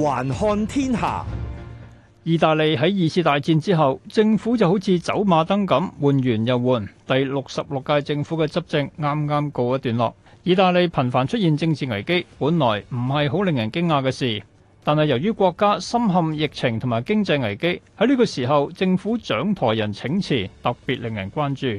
環看天下，意大利喺二次大戰之後，政府就好似走馬燈咁換完又換。第六十六屆政府嘅執政啱啱告一段落，意大利頻繁出現政治危機，本來唔係好令人驚訝嘅事，但係由於國家深陷疫情同埋經濟危機，喺呢個時候政府掌舵人請辭，特別令人關注。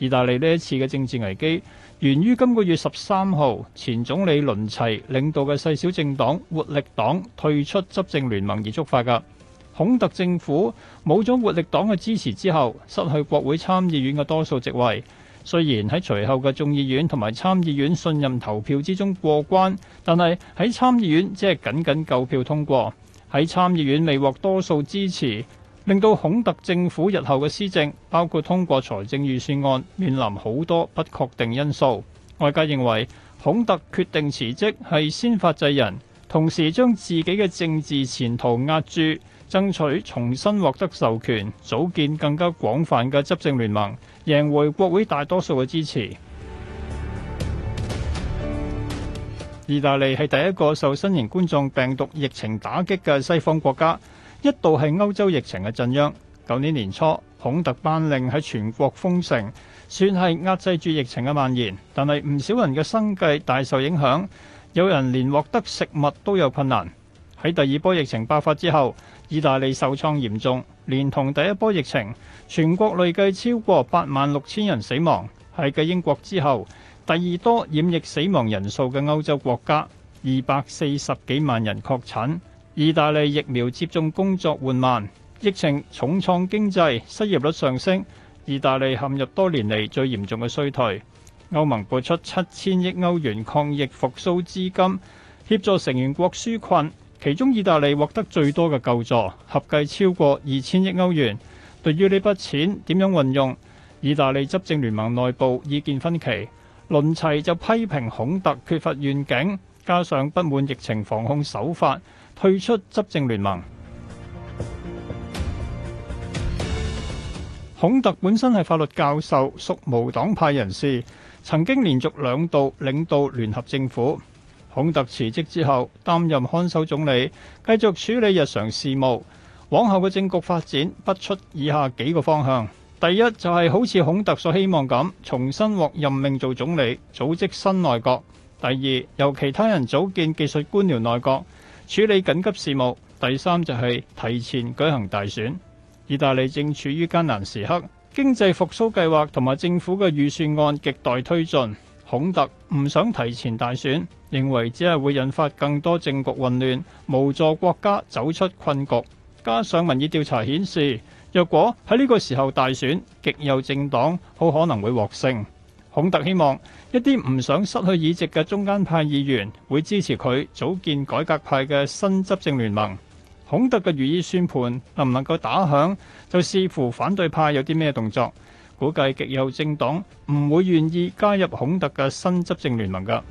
意大利呢一次嘅政治危機源於今個月十三號前總理倫齊領導嘅細小政黨活力黨退出執政聯盟而觸發嘅，孔特政府冇咗活力黨嘅支持之後失去國會參議院嘅多數席位。雖然喺隨後嘅眾議院同埋參議院信任投票之中過關，但係喺參議院只係僅僅夠票通過，喺參議院未獲多數支持。令到孔特政府日後嘅施政，包括通過財政預算案，面臨好多不確定因素。外界認為孔特決定辭職係先發制人，同時將自己嘅政治前途壓住，爭取重新獲得授權，組建更加廣泛嘅執政聯盟，贏回國會大多數嘅支持。意大利係第一個受新型冠狀病毒疫情打擊嘅西方國家。一度係歐洲疫情嘅震央。舊年年初，孔特頒令喺全國封城，算係壓制住疫情嘅蔓延，但係唔少人嘅生計大受影響，有人連獲得食物都有困難。喺第二波疫情爆發之後，意大利受創嚴重，連同第一波疫情，全國累計超過八萬六千人死亡，係繼英國之後第二多染疫死亡人數嘅歐洲國家。二百四十幾萬人確診。意大利疫苗接種工作緩慢，疫情重創經濟，失業率上升，意大利陷入多年嚟最嚴重嘅衰退。歐盟撥出七千億歐元抗疫復蘇資金，協助成員國紓困，其中意大利獲得最多嘅救助，合計超過二千億歐元。對於呢筆錢點樣運用，意大利執政聯盟內部意見分歧，倫齊就批評孔特缺乏願景，加上不滿疫情防控手法，退出執政聯盟。孔特本身係法律教授，屬無黨派人士，曾經連續兩度領導聯合政府。孔特辭職之後，擔任看守總理，繼續處理日常事務。往後嘅政局發展不出以下幾個方向：第一，就係好似孔特所希望咁，重新獲任命做總理，組織新內閣；第二，由其他人組建技術官僚內閣。處理緊急事務，第三就係提前舉行大選。意大利正處於艱難時刻，經濟復甦計劃同埋政府嘅預算案極待推進。孔特唔想提前大選，認為只係會引發更多政局混亂，無助國家走出困局。加上民意調查顯示，若果喺呢個時候大選，極右政黨好可能會獲勝。孔特希望一啲唔想失去議席嘅中間派議員會支持佢組建改革派嘅新執政聯盟。孔特嘅如意算盤能唔能夠打響，就視乎反對派有啲咩動作。估計極右政黨唔會願意加入孔特嘅新執政聯盟噶。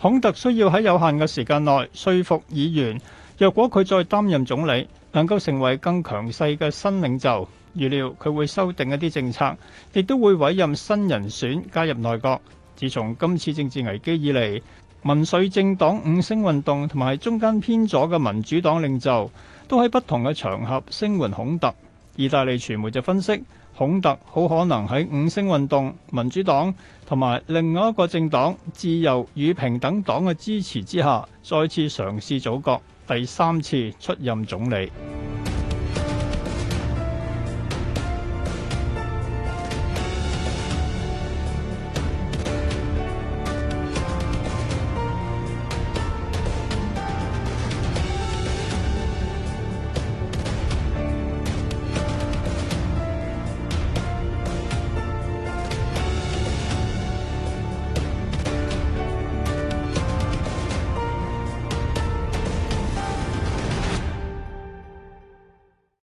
孔特需要喺有限嘅時間內說服議員。若果佢再擔任總理，能夠成為更強勢嘅新領袖。預料佢會修訂一啲政策，亦都會委任新人選加入內閣。自從今次政治危機以嚟，民粹政黨五星運動同埋中間偏左嘅民主黨領袖，都喺不同嘅場合聲援孔特。意大利傳媒就分析，孔特好可能喺五星運動、民主黨同埋另外一個政黨自由與平等黨嘅支持之下，再次嘗試組閣，第三次出任總理。